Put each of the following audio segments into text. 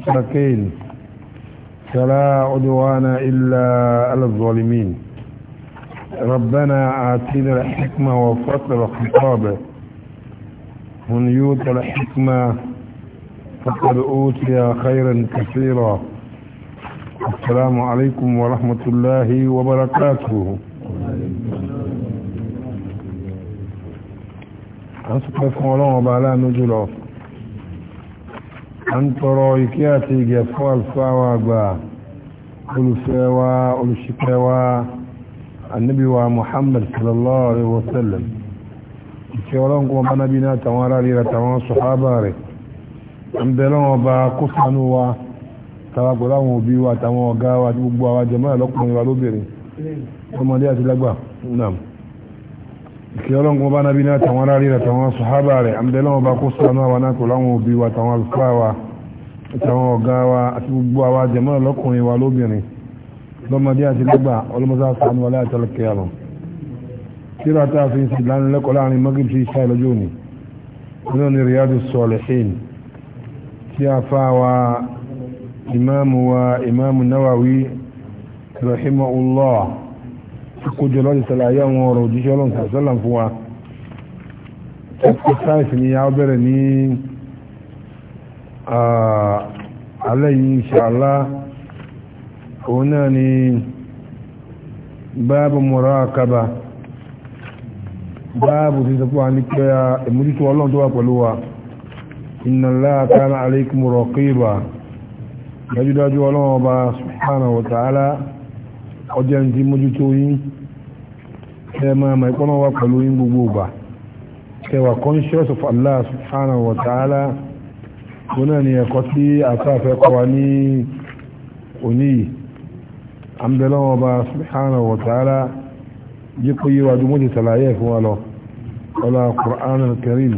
مستقيل فلا عدوان إلا على الظالمين ربنا آتينا الحكمة وفصل الخطابة من يوت الحكمة فقد أوتي خيرا كثيرا السلام عليكم ورحمة الله وبركاته أنت كيف مولانا بعلا نجلو an tọrọ ikẹ́ àti ìgẹ̀ fún alfáwà àgbà olùfẹ́wà olùṣìkẹwà annabiwa muhammad sallallahu alaihi wasallam ìkẹ́ ọlọ́run kuma bá nábi náà tàwọn ará rí àtàwọn sọ̀hábà rẹ̀ ń bẹ̀rẹ̀ wọn bá kó sánú wa tàwa pẹ̀lú àwọn òbí wa àtàwọn ọ̀gá wa gbogbo àwọn jẹ̀mọ́ ẹ̀lọ́kùnrin wa lóbìnrin ọmọdé àti lágbà náà kí ọlọ́nkọ́ bá nábi náà tàwọn rárí àtàwọn sọ̀hábà rẹ̀ àmdẹ́lọ́wọ́ bá kó sọ́nà wa náà kò láwọn òbí wa tàwọn alùfáà wa àtàwọn ọ̀gá wa àti gbogbo àwa jẹ̀mọ́ ọlọ́kùnrin wa lóbìnrin lọ́mọdé àti lọ́gbà ọlọ́mọdé àtàwọn wọlé àtàlẹ́kẹ́ àlọ́ kíra tá a fi ń sì lánilẹ́kọ̀ọ́ láàrin mọ́gí sí iṣẹ́ ìlọ́jọ́ òní ni riyadu sọ̀lẹ̀hìn tí a fa wa wa imáàmù náwàwí rahimahullah kójọ lọ́dún sàlàyé àwọn ọ̀rọ̀ òjíṣẹ́ ọlọ́run sọ̀rọ̀ sọ́là fún wa exercise ni a bẹ̀rẹ̀ ní alẹ́ yìí inshallah òun náà ni báàbù muraqaba báàbù ti sọ fún wa ní pé ìmúdító ọlọ́run tó wà pẹ̀lú wa inna Allaha kana alaykum raqiba dájúdájú ọlọ́run ọba subhanahu wa ta'ala ọjọ́ ń ti mójútó yín kẹ máa ma ìpọ́nà wa pẹ̀lú yín gbogbo ìgbà kẹ wà conscious of Allah subhanahu wa ta'ala wọn náà ni ẹ̀kọ́ tí àtàfẹ́ kọ́ wa ní òní yìí àmbẹ̀lọ́wọ́ bá subhanahu wa ta'ala jẹ́ kó yíwa dúmọ́ ti sàlàyé fún wa lọ ọlá Qur'an al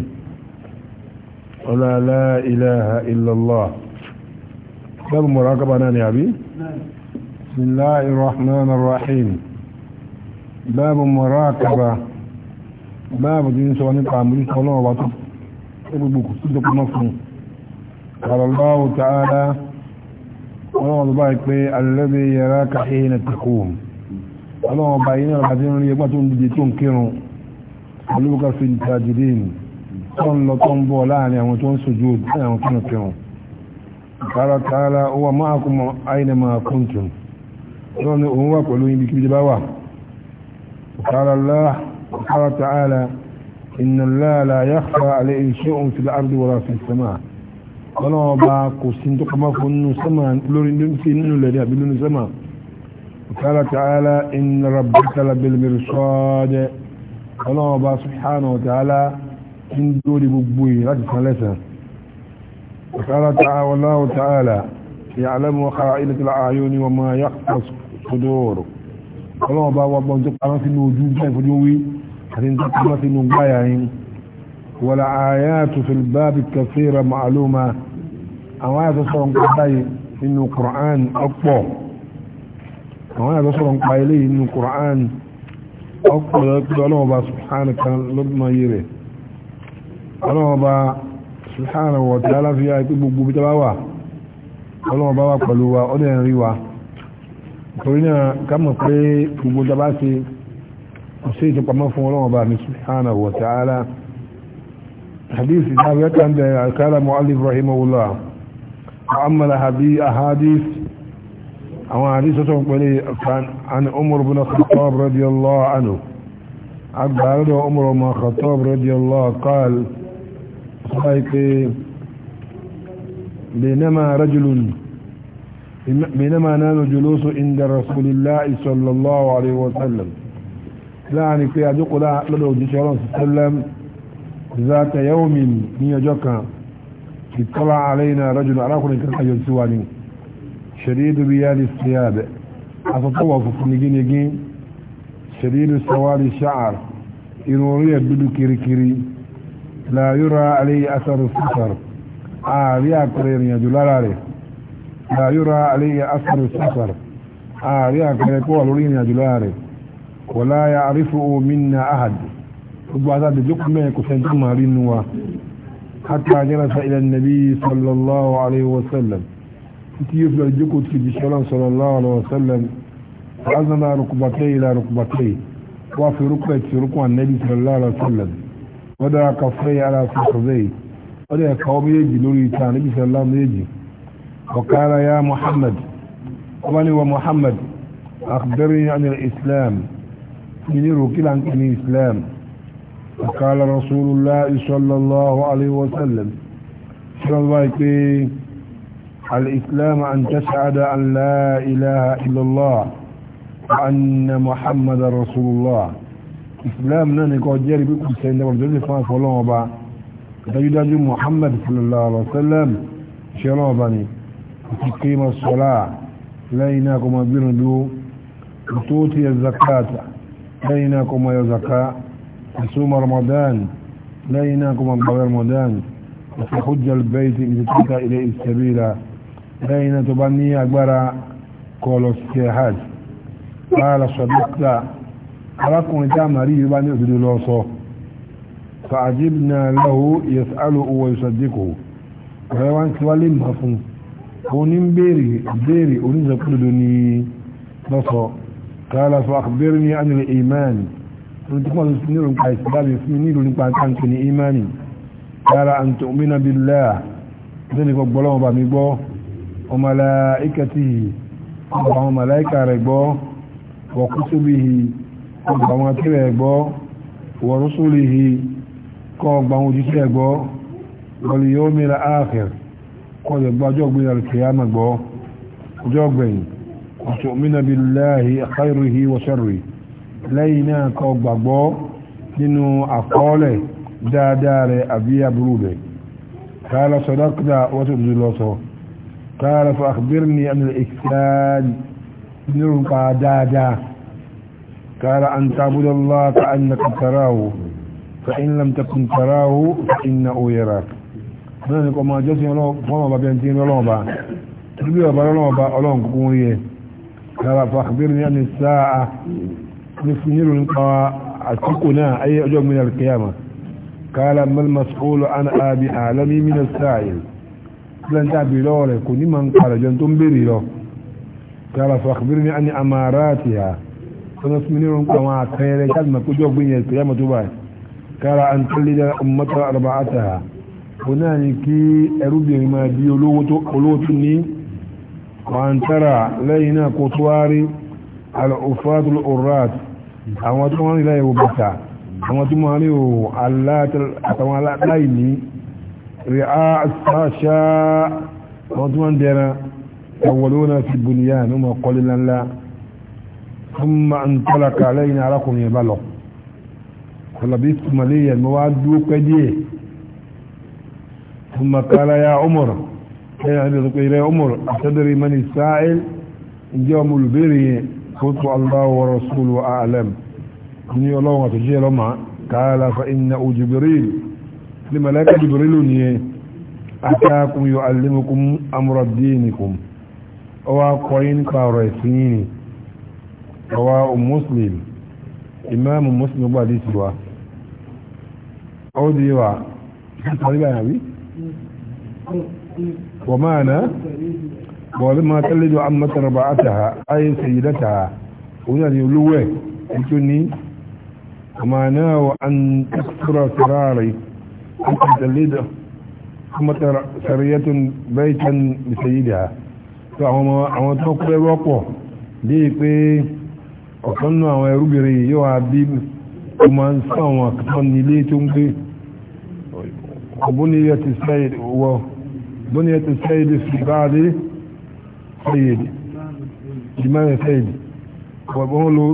ọlá la illallah bẹ́ẹ̀ mọ̀rọ̀ akọ́bà náà ni àbí? náà بسم الله الرحمن الرحيم باب مراقبة باب دين سواني قامل صلى الله عليه وسلم قال الله تعالى ولو ضبعك الذي يراك حين تقوم ولو باين العدين يبطون بجيتون كيرو قلوك في التاجدين تون لطن بولاني وتون سجود وتون كيرو قال تعالى هو معكم أينما كنتم ọlọ́ni òun wà pẹ̀lú ibi kí bá wà ọ̀kára ta'ala inna láàlá ya fa alẹ́ iṣẹ́ òun ti láàrùn wọ́n fi sama ọlọ́wọ́ bá kò sí tó kọmọ́ fún nínú sama lórí lórí nínú lẹ́dẹ̀ àbí lórí sama ọ̀kára ta'ala inna rabbaka labil mirsad ọlọ́wọ́ bá subhanahu wa gbogbo yìí láti san lẹ́sàn ọ̀kára ta'ala يعلم خائنة العيون وما يخفى الصدور ọlọ́wọ́ bá wà bọ́n tó pàmọ́ sínú ojú jẹ́ ìfojú wí àti tó pàmọ́ sínú gbáyà yìí wọ̀lá àyàtò fìlbábi kẹfẹ́ra màálùmá àwọn àyàtò sọ̀rọ̀ ń pa báyìí nínú kùrán ọ̀pọ̀ àwọn àyàtò sọ̀rọ̀ ń pa ilé nínú kùrán ọ̀pọ̀ lọ́pọ̀ ọlọ́wọ́ bá subhanahu kan lọ́dún ayé rẹ̀ ọlọ́wọ́ bá subhanahu wa ta'ala fi àìpé gbogbo bí tá bá wà ọlọ́wọ́ bá wà pẹ̀lú wa ọdẹ rí wa torí náà ká mọ̀ pé gbogbo dábá ṣe kò sí ìtọpamọ́ fún ọlọ́wọ́ bá ní subhanahu wa ta'ala hadith ìdáwẹ́ kan bẹ̀ alkala mu'allif rahimahullah mu'amala habi ahadith khattab radiyallahu anhu agbára بينما رجل بينما نال جلوس عند رسول الله صلى الله عليه وسلم لا يعني في أدق لا لدو جيشوران صلى الله عليه وسلم ذات يوم نيجوكا اطلع علينا رجل أراكم كان حيو سواني شديد بيان الثياب أتطوى فكنجين يجين شديد سواد الشعر إنورية بدو كيري كيري لا يرى عليه أثر السفر ààrí àpẹẹrẹ ìrìnàjò lára rẹ̀ ààyòrò àlẹ́yẹ asàrò sáfàr ààrí àpẹẹrẹ kó wà lórí ìrìnàjò lára rẹ̀ wọ́n láyà àrífò omi na ahàdì gbogbo asáde jókòó mẹ́rin kò sẹ́ńtì máa rí nu wa hátà jẹ́rẹ̀sà ilẹ̀ nàbí sallallahu alayhi wa títí yóò fi lọ jókòó ti di sọ́lọ́n sallallahu alayhi wa sallam rukubatẹ́ ilà rukubatẹ́ wà fi rúkọ̀ ti rúkọ̀ ànẹ́bí sallallahu alayhi wa sallam kàfẹ́ yàrá fi sọ́zẹ́ ọdẹ ẹ̀ka ọmọ méjì lórí ìta níbi sẹ́lá méjì ọ̀kára ya muhammad ọba ni wa muhammad akhbirni an al-islam nínú rukila ní islam ọ̀kára rasulullah sallallahu alaihi wasallam ṣíwọ́n bá pé al-islam an tashhada an la ilaha illallah wa anna muhammad rasulullah islam náà ni kò jẹ́rìí bí kò sẹ́yìn dábàbà tó ní fún dájúdájú muhammad sallallahu alaihi wasallam ṣe ọlọ́ọ̀bá ni ti kí ma sọ́lá lẹ́yìn náà kọ ma bírùn dúó tó ti yẹ zakata lẹ́yìn náà kọ ma yọ zaka ìsúmọ̀ ramadan lẹ́yìn náà kọ ma gbàwẹ̀ ramadan ìfẹ́ hujjal bayti ìdí títà ilẹ̀ ìsẹ̀bíra lẹ́yìn náà tó bá ní agbára kọlọ̀ sí hajj lára sọ̀dọ́kta arákùnrin tá a màrí yìí bá ní òdodo lọ فعجبنا له يسأله ويصدقه ويوان كوالي مفهوم ونين بيري بيري ونين زقلدني نصر قال فأخبرني عن الإيمان ونتقل سنير كايسلام يسميني لنقل عن كني إيماني قال أن تؤمن بالله ذلك قبلهم باميبو وملائكته وهم ملائكة ربو وكتبه وهم كتبه ورسله kọ́ gba àwọn òjíṣẹ́ ẹ̀gbọ́ wal yawmil akhir kọ́ lè gba ọjọ́ gbẹ̀yìn al-qiyamah gbọ́ ọjọ́ gbẹ̀yìn wa tu'mina billahi khayrihi wa sharrihi lẹ́yìn náà kọ́ gbàgbọ́ nínú àkọọ́lẹ̀ dáadáa rẹ̀ àbí aburú rẹ̀ قال أن تعبد الله كأنك تراه فإن لم تكن تراه فإنه يراك bẹ́ẹ̀ ni kọ máa jọ́sìn ọlọ́wọ́ bá bẹ́ẹ̀ tí ń lọ́wọ́ bá níbi ọ̀bá lọ́wọ́ bá ọlọ́run kúkú rí ẹ lára fàkàbírí ní àmì sáà ní fún nílò nípa àtìkò náà ayé ọjọ́ mìíràn kìyàmà kààlà mẹ́lmàsíkòlò àna àbí àlámí mìíràn sáà yìí sílẹ̀ ń tàbí lọ́wọ́ rẹ̀ kò ní máa ń kààlà jọ tó ń bèrè lọ kààlà fàkàbírí ní àmì àmàrà tìyà tó ń fún nílò nípa àwọn àtẹ́rẹ́ kára an tallida ummata arba'ataha ona ni kí ẹrúbìnrin máa bí olówó tó ní kwantara lẹ́yìn náà kò tuwari al'ufatul urat àwọn tó wọ́n rí láyé wo bàtà àwọn tó wọ́n rí o àtàwọn aláì ní rí sáṣá àwọn tó wọ́n dẹ̀ra ẹwọ̀lówó náà fi bùnìyàn ní ọmọ kọlìlànlá fún ma ń tọ́laka lẹ́yìn arákùnrin ìbálọ̀ falabi tumaliyan mo wá dúró pẹ́ díẹ̀ ثم قال يا عمر يا إلى عمر أتدري من السائل إن جاء البري قلت الله ورسوله أعلم إن الله وتجي لما قال فإنه جبريل لملائكة جبريل أتاكم يعلمكم أمر دينكم وقوين كارسيني رواه مسلم إمام مسلم بعد سواه ó di wa tàbí báyà bí wọ́n máa ná bọ̀ọ̀lú máa tẹ́lẹ̀ jọ amátara bá a tàhà ayé sèyídá tàhà òun náà ni olówó ẹ̀ ètò ní àmàna wa an tẹ́kùrọ̀ sàrárì an tẹ́lẹ̀ jọ amátara sàríyàtún bẹ́ẹ̀tàn sèyídá tó àwọn tó kúrẹ́ wọ́pọ̀ dé pé ọ̀kan náà àwọn ẹrúbìnrin yóò ó máa ń sọ àwọn àkàtọ́ ní ilé tó ń gbé ọ̀bùnìyẹ ti sẹ́yìn wọ ọ̀bùnìyẹ ti sẹ́yìn fi báadé sẹ́yìn ìdìmọ́rin sẹ́yìn wọ́n lo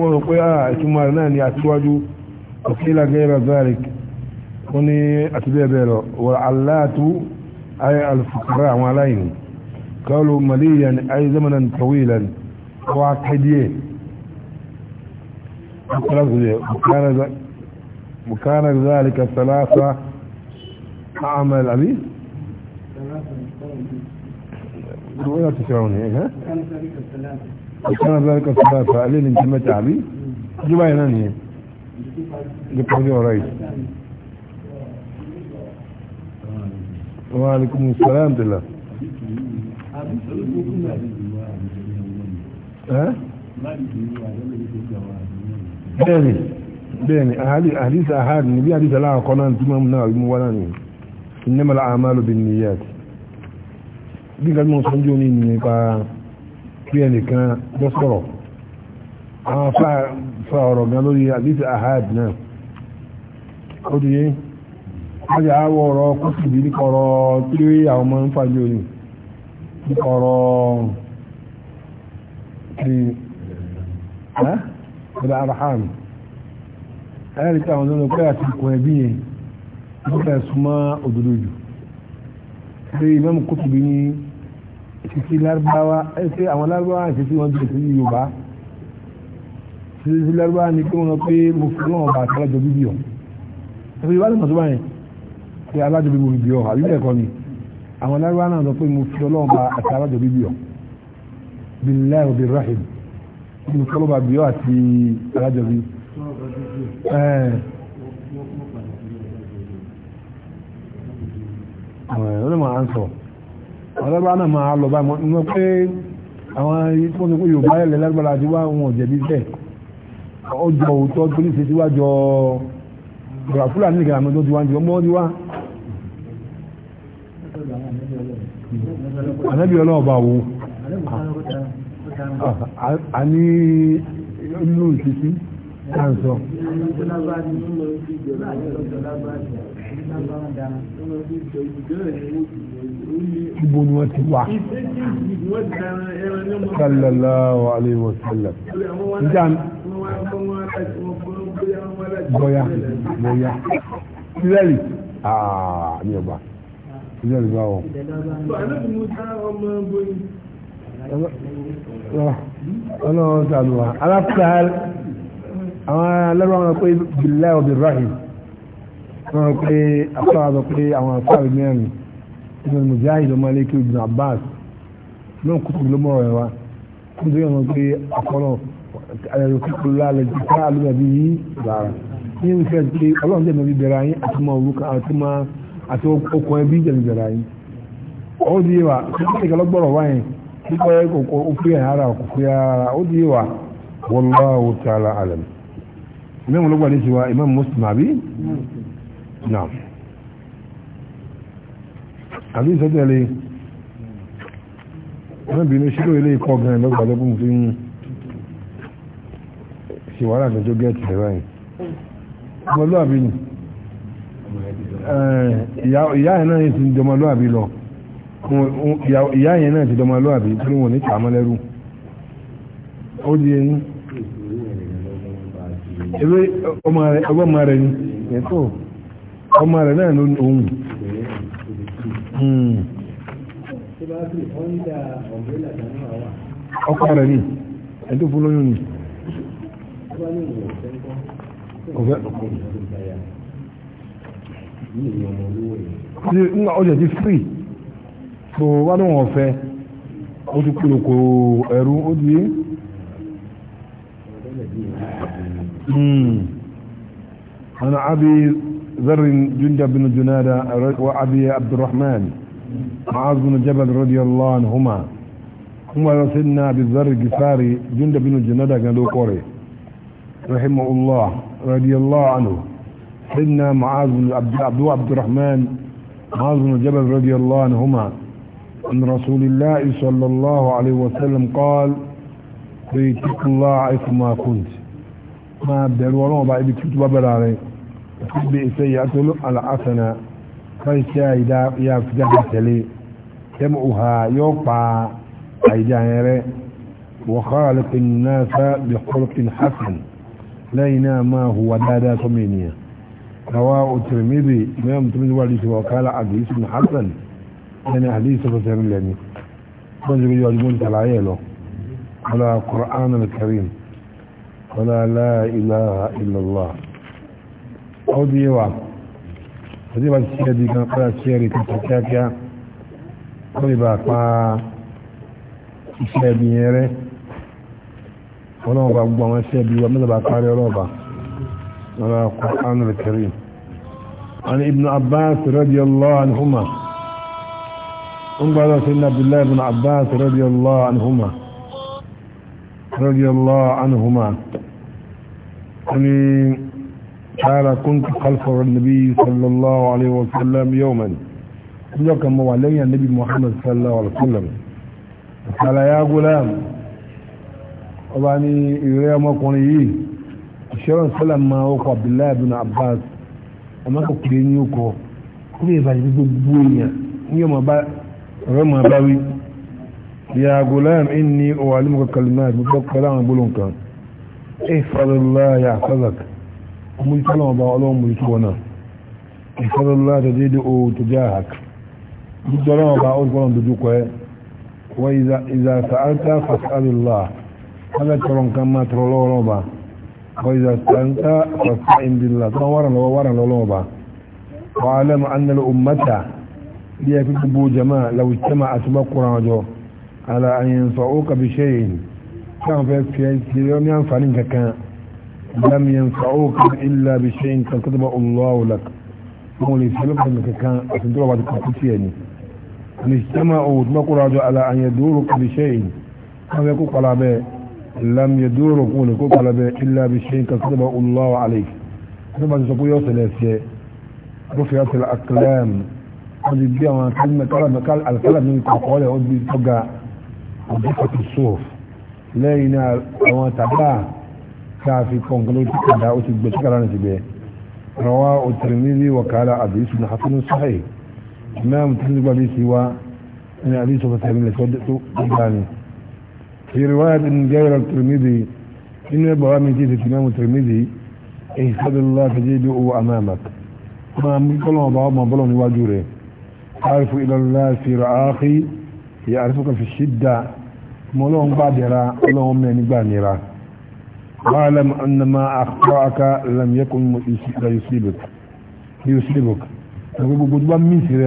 wọ́n rò pé àà ah, ìtumọ̀ rẹ̀ náà ni àtiwájú òkèlà gẹ́rẹ́ zarek wọ́n ní àti bẹ́ẹ̀ bẹ́ẹ̀ lọ wọ́n aláàtú ayé alfukara àwọn aláìní kọ́lù maliyan ayé zamanan tawilan wọ́n á kẹ́ díẹ̀ وكان ذلك ثلاثة أعمال أبي ولا تسعون ها وكان ذلك الثلاثة لين انت متى أبي جباين أني جباين رئيس وعليكم السلام دلله ها؟ bẹ́ẹ̀ni bẹ́ẹ̀ni àhàlìsà àhàrì ní bí àdìsà láàkọ́ náà tí mọ́mù náà mú wọ́n ní ìnẹ́mọ̀lá àmàlò bí ní yàtì bí nǹkan mọ́ sọ́njú ní nípa bí ẹnìkan lọ sọ̀rọ̀ àwọn fa ọ̀rọ̀ gan lórí àdìsà àhàrì náà ó di yé wọ́n yà áwọ̀ ọ̀rọ̀ kọ́sì bí ní kọ̀rọ̀ tí àwọn ọmọ ń fàájú ní kọ̀rọ̀ والأرحام ẹ̀rẹ́rì tí àwọn ọ̀dọ́ pé àti ìkọ̀ ẹ̀bí yẹn ló fẹ́ súnmọ́ òdodo jù pé Imam Kutubi ní ìṣesí lárúbáwá ẹ̀ṣẹ́ àwọn lárúbáwá ìṣesí wọn jù sí Yorùbá ìṣesí lárúbáwá ni pé wọn pé mo fi náà bá àtàlájọ bíbí ọ̀ ẹ̀fẹ́ Yorùbá lọ́nà tó bá pé alájọ bíbí bíbí ọ̀ àbí ni àwọn lárúbáwá náà sọ pé mo fi ọlọ́run bá àtàlájọ bíbí ọ̀ billahi wa birrahim nínú kọ́lọ́bà bíọ́ àti alájọbí. ọ̀rẹ́ máa ń sọ ọ̀rẹ́bá náà máa lọ báyìí mọ́ pé àwọn tó ń sọ pé Yorùbá ẹ̀lẹ́ lágbára àti wá wọn jẹ̀bi bẹ́ẹ̀ ọjọ́ òótọ́ tó ní ṣe síwájọ́ ìgbà fúlàní nìkan àmọ́ tó ti wá ń jù ọmọ ọdún wá ànábì ọlọ́ọ̀bá wo a ní inú ìṣesí káàsọ. Ibo ni wọ́n ti wà. Sallallahu alayhi wa sallam. Njẹ́ àná? Bọ́yá, Sílẹ̀lì, àà ní ọba. Sílẹ̀lì báwọ̀ ọlọ́run sàánú wa aláfíà àwọn alẹ́rọ wọn pé bílẹ̀ ọ̀bẹ̀ rahim wọn pé afáà sọ pé àwọn afáà mẹ́rin ibn mujahid ọmọ aleke ibn abbas náà kúrò ló mọ̀ ọ̀rẹ́ wa kúrò yẹn wọn pé akọ́nà ayẹyẹ kíkó lálẹ́ ju ká alúbàbí yìí rárá ní ìfẹ́ pé ọlọ́run jẹ́ nàbí bẹ̀rẹ̀ ayé àti ọmọ òrukàn àti ọmọ àti okùn ẹbí jẹ́ nàbí bẹ̀rẹ̀ ayé ọ̀hún ti yé wa kí wọ́n ti kẹ́ lọ́gbọ̀rọ̀ wáyé kíkọ́ ẹ̀kọ́ òfin ara òfin ara ó di wa wallahu ta'ala alam imam ló gbàdé sí wa imam muslim àbí náà àbí ìsọ́tẹ̀lẹ̀ wọ́n bí ní ṣílò ilé ikọ̀ gan lọ́gbàdé fún fi ṣe wàhálà kan tó gẹ́ẹ̀tì rẹ̀ báyìí ọmọlúwàbí ni ìyá ẹ̀ náà ti ń jọmọlúwàbí lọ ìyá yẹn náà ti dọmọ lọ́àbí tí wọ́n ní tààmọ́lẹ́rú ó di ẹni ewé ọgbọ́n ma ni ẹ̀tọ́ ọmọ rẹ̀ náà ló ohun hmm. ọkọ rẹ̀ ni ẹ̀tọ́ fún lóyún ni ọ̀fẹ́ ọ̀fẹ́ ọjọ́ ti free so wá ló wọn fẹ́ ó ti kúrò kó ẹ̀rú ó di أنا أبي ذر جندب بن جنادة وأبي عبد الرحمن معاذ بن جبل رضي الله عنهما هما سيدنا أبي ذر الجفاري جندب بن جنادة قالوا قري رحمه الله رضي الله عنه سيدنا معاذ بن عبد الرحمن معاذ بن جبل رضي الله عنهما عن رسول الله صلى الله عليه وسلم قال بيتك الله ما كنت ما أبدأ ولو بعد كنت ببراري تبدي سيئة على حسنة فإشياء إذا يفتح لي جمعها يوقع أيجاهر وخالق الناس بخلق حسن لينا ما هو دادا سمينيا رواه الترمذي إمام الترمذي وقال حديث حسن ẹni àdíyí sọ́fẹ́sẹ́ rí lẹ́ni wọ́n jẹ́ yóò ọdún tàlàyé lọ wọ́n kọ̀rán al-karim wọ́n la ilaha illallah ó di yíwa ọdí bá ti ṣe di kan kọ́ra ṣe rí kan kíákíá ó lè bá pa iṣẹ́ ẹbí yẹn rẹ́ عن ابن عباس رضي الله عنهما انقل سيدنا عبد الله بن عباس رضي الله عنهما رضي الله عنهما يعني قال كنت خلف النبي صلى الله عليه وسلم يوما يوم موالي النبي محمد صلى الله عليه وسلم قال يا غلام واني يوم كوني شلون سلام ما هو عبد الله بن عباس اما كنت يوكو كل يبالي بيبو بويا يوم بقى ọ̀rẹ́ mọ̀ báwí ya gulam inni u'allimuka kalimat mo fẹ́ pẹ́lú àwọn gbólóhùn kan ihfazillah yahfazak mo ti tọ́lọ̀ ọba ọlọ́run mo ti wọ́n náà ihfazillah tajidhu tujahak mo ti tọ́lọ̀ ọba ọlọ́run dojú kọ ẹ́ wa idha sa'alta fas'alillah haka tọrọ nǹkan máa tọrọ lọ́wọ́ ọba ya fi gbogbo jama'a laujama a ti makura wajo ala an yin fa'oka bi shayin kan fẹ́ fi ẹ̀sì yọ ní àǹfààní kankan lam yin fa'oka illa bi shayin kan kí tọ́ba allahu lak mo lè fi lọ́pàá kankan a ti tọ́ba ti kọ́kú tiẹ̀ ni ni jama o ti makura wajo ala an dúró ka bi kan fẹ́ kó kpala bẹ́ẹ̀ lam yẹ dúró kó lè kó kpala bẹ́ẹ̀ illa bi shayin kan kí tọ́ba allahu alayhi kí ti sọ pé yọ sẹlẹ̀ fiyẹ rufiyatul aqlam wọ́n ti gbé àwọn akálẹ̀ alifálà mi kọ̀ ọ́ lẹ̀ ó gbé tọ́ga ọdún kọ̀tù sóòf lẹ́yìn náà àwọn tàbá káàfi kọ̀ǹkan ló ti kọ̀dá ó ti gbé síkàlá náà ti bẹ̀ rọwá òtìrìmílì wàkàlà àbísù ní hasanu sáhì imam tí nígbà bí sí wa ní àbísù fẹsẹ̀mí lẹ́sọ́ tó gbà ní. fi riwaya bin gẹ́rọ tìrìmílì inú ẹgbà wa mi ti تعرف إلى الله في رعاقي يعرفك في الشدة مولون بادرا لهم من بانرا واعلم أن ما أخطأك لم يكن يصيبك يصيبك تقول قد ما ميسر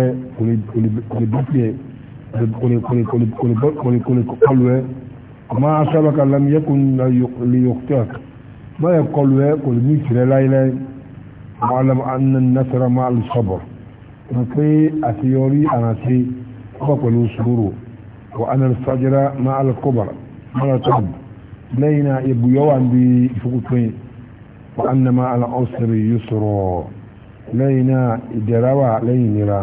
ما أصابك لم يكن ليخطئك ما يقول قل ميسر لا إله واعلم أن النصر مع الصبر mọ̀ pé àṣeyọrí àràṣe ọkọ̀ pẹ̀lú sùúrù wà á nàrẹ̀ fàjẹ́rà máa alkọ́bà marathon lẹ́yìn náà ibùyọ́ wà ń bi ìfúkúpin wà á nàmà àlà ọ̀sẹ̀rẹ̀ yìí sọ̀rọ̀ lẹ́yìn náà ìdẹ̀ra wà lẹ́yìn nira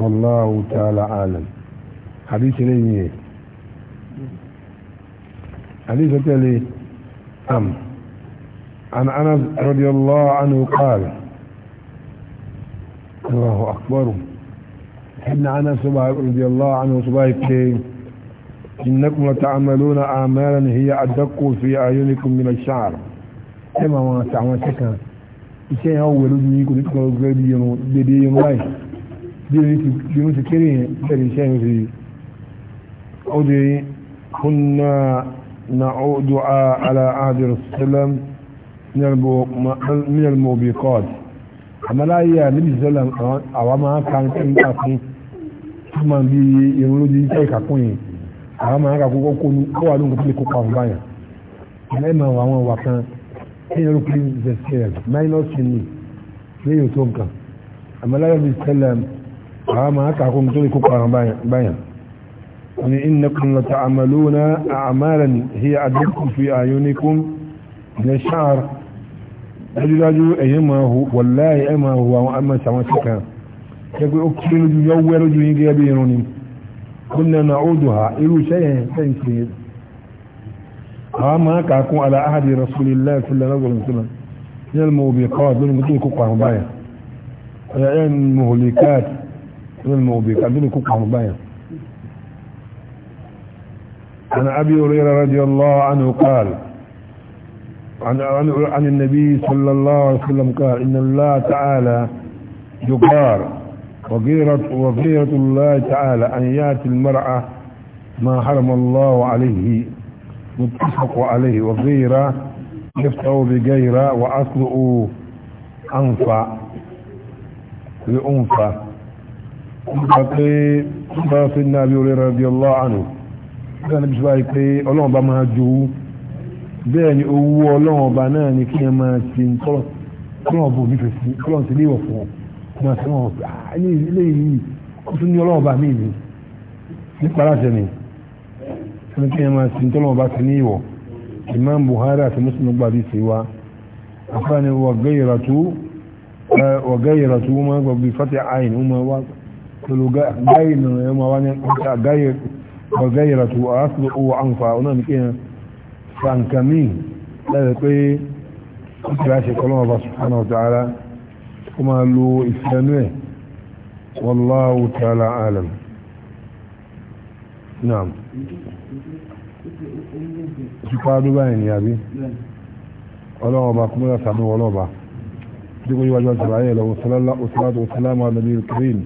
wallahu ta'ala alam hadith lẹ́yìn yẹn hadith tẹ́lẹ̀ am عن أنس رضي الله عنه قال الله أكبر ابن أنس رضي الله عنه سبحانه إنكم لتعملون أعمالا هي أدق في أعينكم من الشعر كما ما تعمل شكا iṣẹ́ yẹn wọ̀ lójú yìí kò ní kọ́ gbẹ́ bí irun dédé irun láì bí irun ti kéré yẹn bẹ́ẹ̀ iṣẹ́ yẹn ti ó di kunna na ala adir salam min al-mubiqat àmàláyé àníbìsọ́lá àwọn máa ka ń tẹ́ ń ká fún túmọ̀ bí irun lójú iṣẹ́ ìkàkùn yìí àwọn máa ka kókó kó ní kó wà lóhùn tó lè kópa ọ̀hún báyà ẹ̀mẹ́ máa wọ àwọn ìwà kan ẹ̀yìn rúkú zẹ̀sẹ̀l minus ní lẹ́yìn tó nǹkan àmàláyé àníbìsọ́lá àwọn máa ka kó tó lè kópa ọ̀hún báyà ni innakum lata'maluna a'malan hiya adlakum fi ayunikum min ash-sha'r dájúdájú ẹ̀yin máa hù wọ̀láì ẹ̀ máa hù àwọn sí kan pé ó lójú yọ wẹ́ lójú yín gẹ́gẹ́ bí irun ni ha irú iṣẹ́ yẹn sẹ́yìn sí ala sallallahu alaihi kọ́ عن, عن, عن النبي صلى الله عليه وسلم قال إن الله تعالى جبار وغيرة, وغيرة الله تعالى أن يأتي المرأة ما حرم الله عليه متفق عليه وغيرة يفتعوا بغيرة وأصلوا أنفع لأنفع بقي بقي النبي رضي الله عنه كان بشبه يقول الله بما جوه bẹ́ẹ̀ ni owó ọlọ́run ọba náà ni kí ẹ máa ṣe ń tọ́lọ̀ tọ́lọ̀ bò nífẹ̀ẹ́ sí tọ́lọ̀ sí léwọ̀ fún ọ máa ṣe wọn ọ̀gá ní ilé yìí ó tún ní ọlọ́run ọba mi ni nípa aláṣẹ ni ẹni kí ẹ máa ṣe ń tọ́lọ̀ ọba sí ní ìwọ̀ Imam Buhari àti Muslim gbàdí sí wa afáàní wàgẹ́yìràtú wàgẹ́yìràtú wọn máa gbàgbé fati ayin wọn máa wá pẹ̀lú gáyìràtú wàgẹ́yìràtú àásìlẹ̀ owó àǹfà ọ fàǹkàmí lẹ́yìn pé ó ti láṣẹ kọlọ́mọ̀ bá subhanahu wa ta'ala kó máa lo ìfẹ́nú ẹ̀ wallahu ta'ala alam naam ìṣùpá dúbáyìn ni àbí ọlọ́wọ́ bá kúmọ́lá sàánú ọlọ́ba dúkú yíwájú àtàráyé lọ wasalatu wasalamu ala nabiyil karim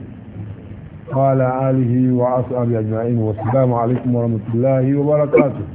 wa ala alihi wa ashabi ajma'in wa